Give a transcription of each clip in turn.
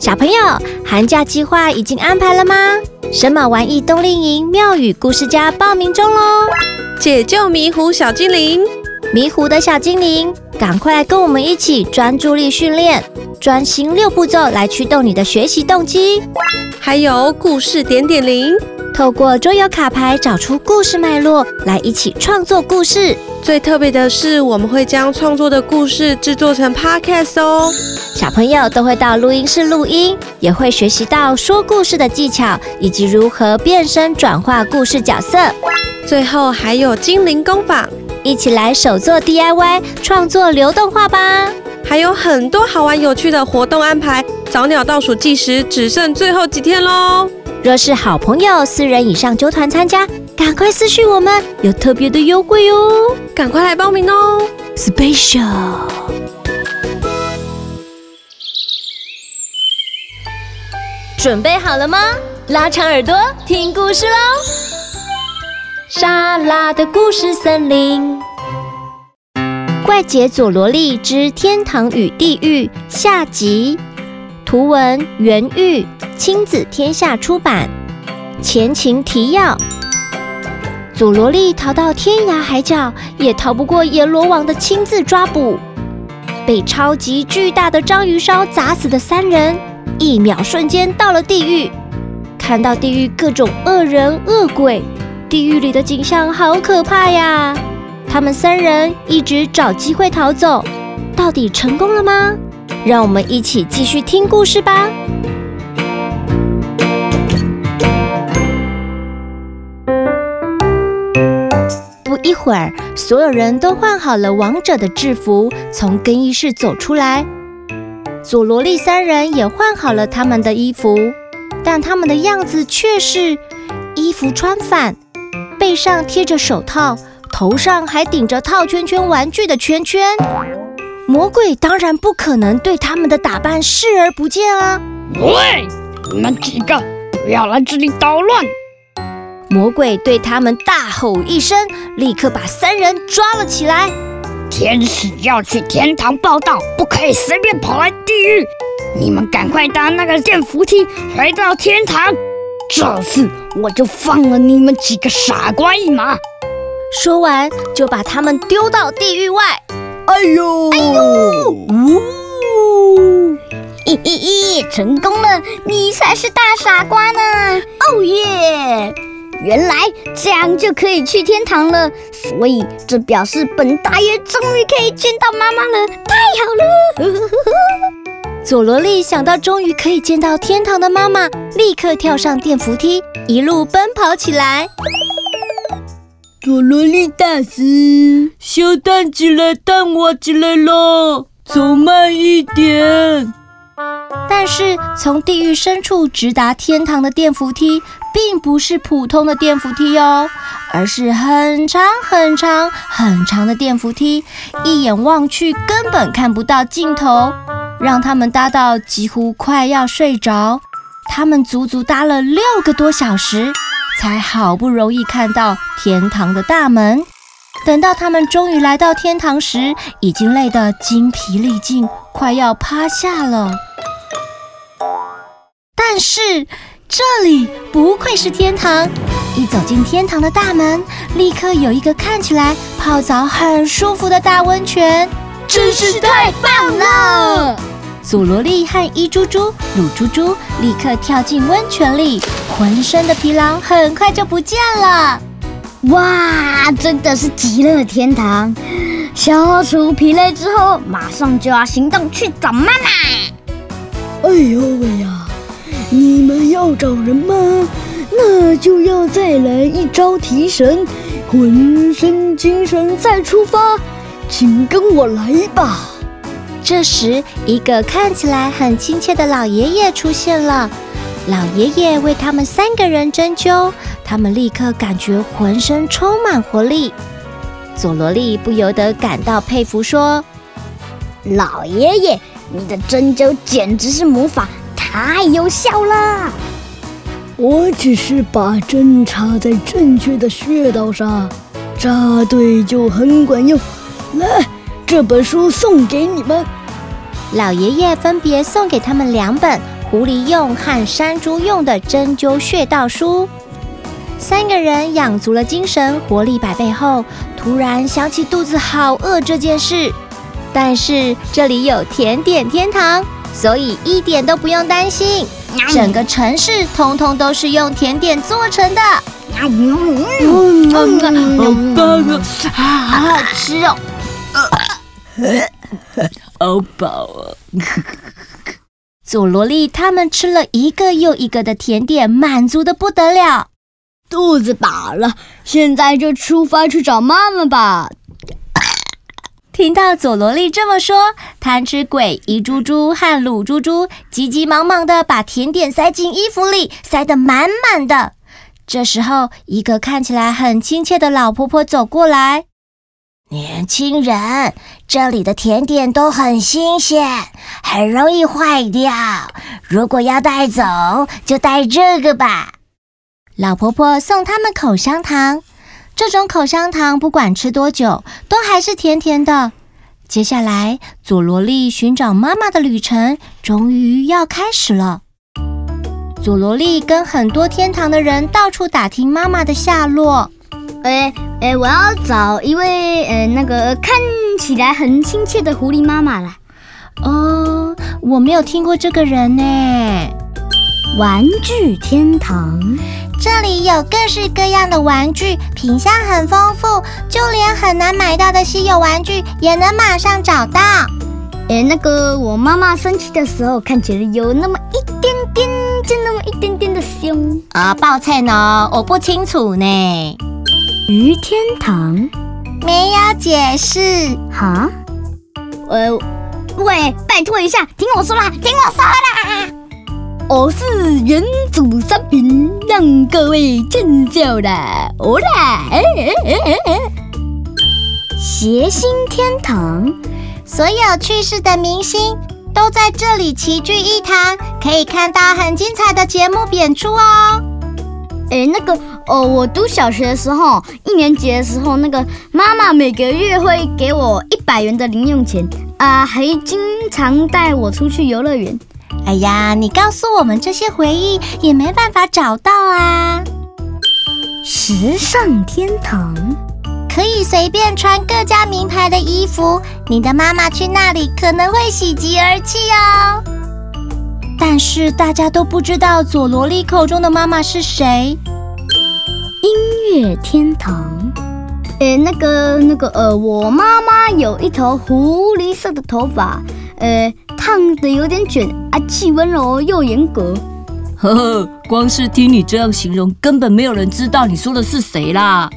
小朋友，寒假計劃已經安排了嗎？神馬玩意冬令營、妙語故事家報名中嘍！解救迷糊小精靈，迷糊的小精靈，趕快來跟我們一起專注力訓練，專心六步驟來驅動你的學習動機，還有故事點點靈。透過桌遊卡牌找出故事脈絡，來一起創作故事。最特別的是，我們會將創作的故事製作成 podcast 哦。小朋友都會到錄音室錄音，也會學習到說故事的技巧，以及如何變身轉化故事角色。最後還有精靈工坊，一起來手做 DIY 創作流動畫吧。還有很多好玩有趣的活動安排，早鳥倒數計時只剩最後幾天嘍！若是好朋友四人以上揪團參加，趕快私訊我們，有特別的優惠喲！趕快來報名哦，Special！準備好了嗎？拉長耳朵聽故事嘍！莎拉的故事森林，怪傑佐羅力之天堂與地獄下集，圖文原裕。親子天下出版，前情提要：佐羅力逃到天涯海角，也逃不過閻羅王的親自抓捕。被超級巨大的章魚燒砸死的三人，一秒瞬間到了地獄。看到地獄各種惡人惡鬼，地獄裡的景象好可怕呀！他們三人一直找機會逃走，到底成功了嗎？讓我們一起繼續聽故事吧。一會兒，所有人都換好了王者的制服，從更衣室走出來。佐羅力三人也換好了他們的衣服，但他們的樣子卻是衣服穿反，背上貼着手套，頭上還頂着套圈圈玩具的圈圈。魔鬼當然不可能對他們的打扮視而不見啊！喂，你們幾個不要來這裡搗亂！魔鬼對他們大吼一聲，立刻把三人抓了起來。天使要去天堂報到，不可以隨便跑來地獄。你們趕快搭那個電扶梯回到天堂。這次我就放了你們幾個傻瓜一馬。說完就把他們丟到地獄外。哎呦喲哎呦喲嗚！咦咦咦！成功了，你才是大傻瓜呢！哦耶！原來這樣就可以去天堂了，所以這表示本大爺終於可以見到媽媽了，太好了！ 佐羅力想到終於可以見到天堂的媽媽，立刻跳上電扶梯，一路奔跑起來。佐羅力大師，小蛋起來，蛋滑起來了，走慢一點。但是從地獄深處直達天堂的電扶梯，並不是普通的電扶梯哦，而是很長很長很長的電扶梯，一眼望去根本看不到盡頭，讓他們搭到幾乎快要睡着。他們足足搭了六個多小時，才好不容易看到天堂的大門。等到他們終於來到天堂時，已經累得筋疲力盡，快要趴下了。但是這裡不愧是天堂，一走進天堂的大門，立刻有一個看起來泡澡很舒服的大溫泉，真是太棒了！佐羅力和伊豬豬、魯豬豬立刻跳進溫泉裡，渾身的疲勞很快就不見了。哇，真的是極樂天堂！消除疲累之後，馬上就要行動去找媽媽。哎呦喂呀！你們要找人嗎？那就要再來一招提神，渾身精神再出發，請跟我來吧。這時，一個看起來很親切的老爺爺出現了。老爺爺為他們三個人針灸，他們立刻感覺渾身充滿活力。佐羅力不由得感到佩服，說：“老爺爺，你的針灸簡直是魔法。”太有效了！我只是把針插在正確的穴道上，扎對就很管用。來，這本書送給你們。老爺爺分別送給他們兩本狐狸用和山豬用的針灸穴道書。三個人養足了精神，活力百倍後，突然想起肚子好餓這件事。但是這裡有甜點天堂。所以一點都不用擔心，整個城市通通都是用甜點做成的。嗯嗯嗯、好棒啊！好好、啊、吃哦、啊呵呵！好飽啊！佐羅力他們吃了一個又一個的甜點，滿足的不得了，肚子飽了，現在就出發去找媽媽吧。聽到佐羅力這麼說，貪吃鬼伊豬豬和魯豬豬急急忙忙的把甜點塞進衣服裡，塞得滿滿的。這時候，一個看起來很親切的老婆婆走過來：“年輕人，這裡的甜點都很新鮮，很容易壞掉。如果要帶走，就帶這個吧。”老婆婆送他們口香糖。這種口香糖不管吃多久，都還是甜甜的。接下來，佐羅力尋找媽媽的旅程終於要開始了。佐羅力跟很多天堂的人到處打聽媽媽的下落。誒誒，我要找一位嗯，那個看起來很親切的狐狸媽媽了。哦，我沒有聽過這個人呢。玩具天堂。這裡有各式各樣的玩具，品相很豐富，就連很難買到的稀有玩具也能馬上找到。誒，那個我媽媽生氣的時候，看起來有那麼一點點，就那麼一點點的凶啊！抱歉哦，我不清楚呢。於天堂，沒有解釋。哈？呃，喂，拜託一下，聽我說啦，聽我說啦。我是元祖三平，讓各位見笑了。哦啦，哎哎哎哎哎！諧星天堂，所有去世的明星都在這裡齊聚一堂，可以看到很精彩的節目演出哦。哎、欸，那個哦、呃，我讀小學的時候，一年級的時候，那個媽媽每個月會給我一百元的零用錢啊、呃，還經常帶我出去遊樂園。哎呀，你告訴我們這些回憶也沒辦法找到啊！時尚天堂可以隨便穿各家名牌的衣服，你的媽媽去那裡可能會喜極而泣哦。但是大家都不知道佐羅力口中的媽媽是誰。音樂天堂，誒那個那個呃，我媽媽有一頭狐狸色的頭髮。呃、哎，燙得有點捲啊，既溫柔又嚴格。呵呵，光是聽你這樣形容，根本沒有人知道你說的是誰啦。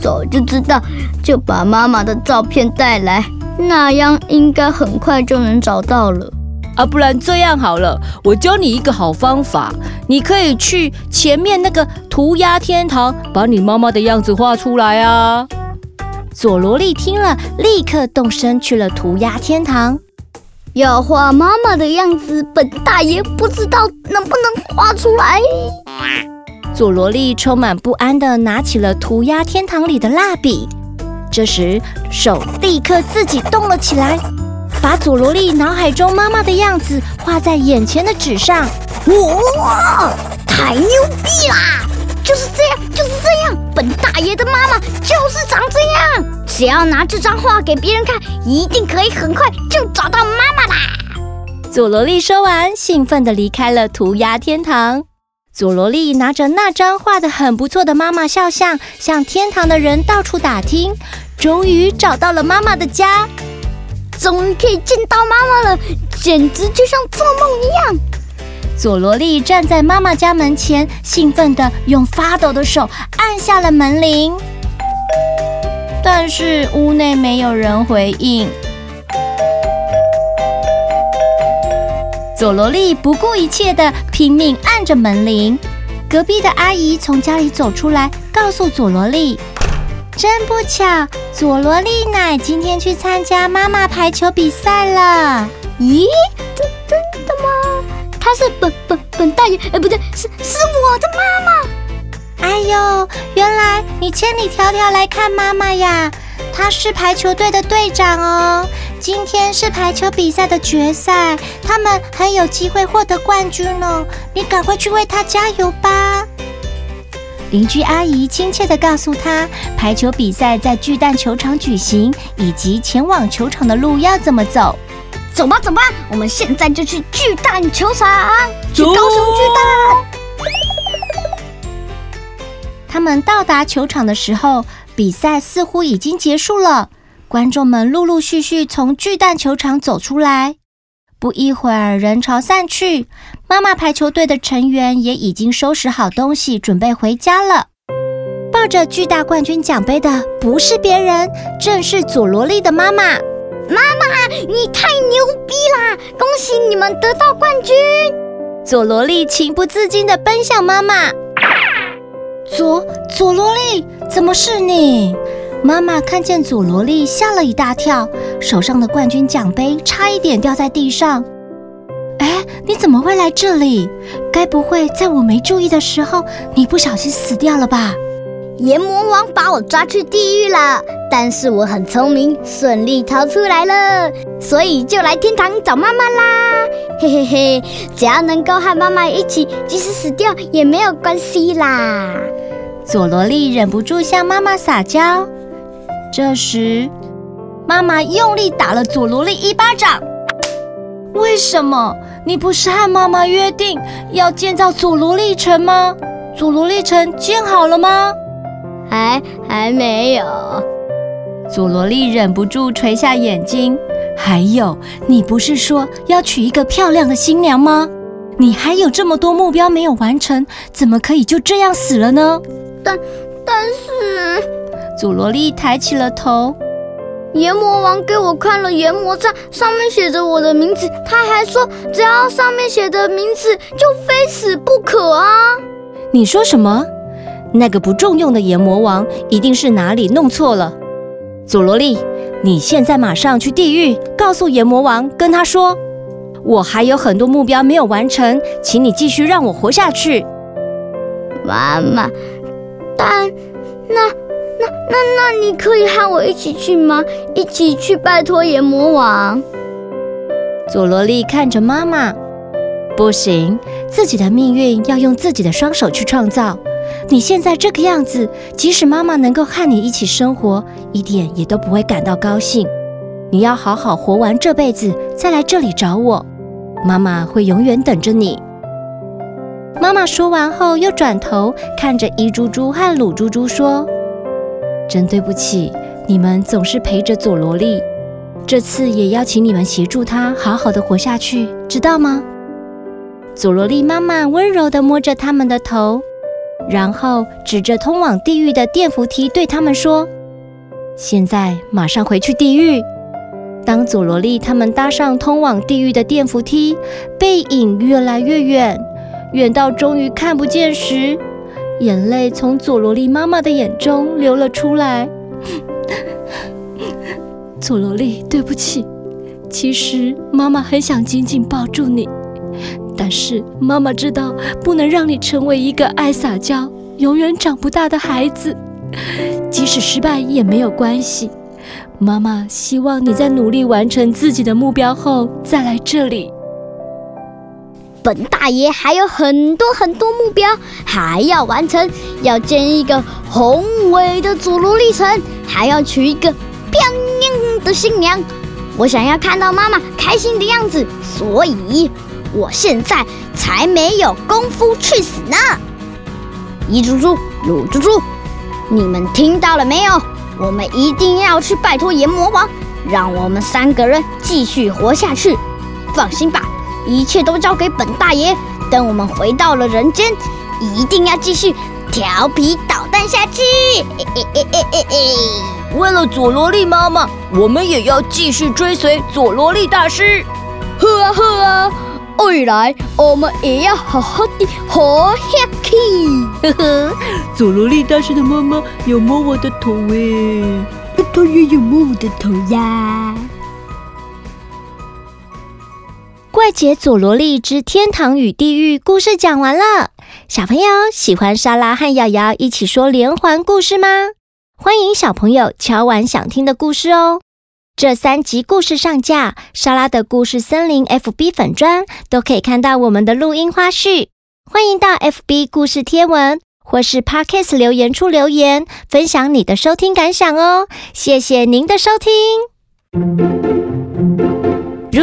早、so, 就知道，就把媽媽的照片帶來，那樣應該很快就能找到了。啊，不然這樣好了，我教你一個好方法，你可以去前面那個塗鴉天堂，把你媽媽的樣子畫出來啊。佐羅力聽了，立刻動身去了塗鴉天堂。要畫媽媽的樣子，本大爺不知道能不能畫出來。佐羅力充滿不安的拿起了塗鴉天堂裡的蠟筆，這時手立刻自己動了起來，把佐羅力腦海中媽媽的樣子畫在眼前的紙上。哇，太牛逼啦！就是這樣，就是這樣，本大爺的媽媽就是長這樣。只要拿這張畫給別人看，一定可以很快就找到媽。佐羅力說完，興奮地離開了塗鴉天堂。佐羅力拿着那張畫得很不錯的媽媽肖像，向天堂的人到處打聽，終於找到了媽媽的家。終於可以見到媽媽了，簡直就像做夢一樣。佐羅力站在媽媽家門前，興奮地用發抖的手按下了門鈴，但是屋內沒有人回應。佐羅力不顧一切的拼命按着門鈴，隔壁的阿姨從家裡走出來，告訴佐羅力：“真不巧，佐羅力奶今天去參加媽媽排球比賽了。”咦，真真的嗎？她是本本本大爺？哎、欸，不對，是是我的媽媽！哎呦，原來你千里迢迢來看媽媽呀！她是排球隊的隊長哦。今天是排球比賽的決賽，他們很有機會獲得冠軍呢，你趕快去為他加油吧。鄰居阿姨親切的告訴他，排球比賽在巨蛋球場舉行，以及前往球場的路要怎麼走。走吧，走吧，我們現在就去巨蛋球場，走去高雄巨蛋。 他們到達球場的時候，比賽似乎已經結束了。觀眾們陸陸續續從巨蛋球場走出來，不一會兒人潮散去，媽媽排球隊的成員也已經收拾好東西，準備回家了。抱着巨大冠軍獎杯的不是別人，正是佐羅力的媽媽。媽媽，你太牛逼啦！恭喜你們得到冠軍！佐羅力情不自禁地奔向媽媽。佐、佐羅力，怎麼是你？媽媽看見佐羅力，嚇了一大跳，手上的冠軍獎杯差一點掉在地上。誒，你怎麼會來這裡？該不會在我沒注意的時候，你不小心死掉了吧？閻魔王把我抓去地獄了，但是我很聰明，順利逃出來了，所以就來天堂找媽媽啦！嘿嘿嘿，只要能夠和媽媽一起，即使死掉也沒有關係啦。佐羅力忍不住向媽媽撒嬌。這時，媽媽用力打了佐羅力一巴掌。為什麼？你不是和媽媽約定要建造佐羅力城嗎？佐羅力城建好了嗎？還還沒有。佐羅力忍不住垂下眼睛。還有，你不是說要娶一個漂亮的新娘嗎？你還有這麼多目標沒有完成，怎麼可以就這樣死了呢？但。佐羅力抬起了頭，閻魔王給我看了閻魔杖，上面寫着我的名字。他還說，只要上面寫的名字，就非死不可啊！你說什麼？那個不中用的閻魔王一定是哪裡弄錯了。佐羅力，你現在馬上去地獄，告訴閻魔王，跟他說，我還有很多目標沒有完成，請你繼續讓我活下去。媽媽，但那……那那你可以和我一起去嗎？一起去拜託閻魔王。佐羅力看着媽媽，不行，自己的命運要用自己的雙手去創造。你現在這個樣子，即使媽媽能夠和你一起生活，一點也都不會感到高興。你要好好活完這輩子，再來這裡找我，媽媽會永遠等着你。媽媽說完後，又轉頭看着伊豬豬和魯豬豬說。真對不起，你們總是陪着佐羅力，這次也邀請你們協助她好好的活下去，知道嗎？佐羅力媽媽溫柔地摸着他們的頭，然後指着通往地獄的電扶梯對他們說：“現在馬上回去地獄。”當佐羅力他們搭上通往地獄的電扶梯，背影越來越遠，遠到終於看不見時，眼淚從佐羅力媽媽的眼中流了出來。 佐羅力，對不起。其實媽媽很想緊緊抱住你，但是媽媽知道不能讓你成為一個愛撒嬌、永遠長不大的孩子。即使失敗也沒有關係，媽媽希望你在努力完成自己的目標後再來這裡。本大爺還有很多很多目標還要完成，要建一個宏偉的佐羅力城，還要娶一個漂亮的新娘。我想要看到媽媽開心的樣子，所以我現在才沒有功夫去死呢。伊豬豬，魯豬豬，你們聽到了沒有？我們一定要去拜托閻魔王，讓我們三個人繼續活下去。放心吧。一切都交給本大爺。等我們回到了人間，一定要繼續調皮搗蛋下去。 為了佐羅力媽媽，我們也要繼續追隨佐羅力大師。呵啊呵啊，未來我們也要好好的活下去。呵呵， 佐羅力大師的媽媽有摸我的頭哎、欸，他也有摸我的頭呀、啊。怪傑佐羅力之天堂與地獄故事講完了。小朋友喜歡莎拉和搖搖一起說連環故事嗎？歡迎小朋友敲碗想聽的故事哦。這三集故事上架，莎拉的故事森林 FB 粉專都可以看到我們的錄音花絮。歡迎到 FB 故事貼文或是 Podcast 留言處留言，分享你的收聽感想哦。謝謝您的收聽。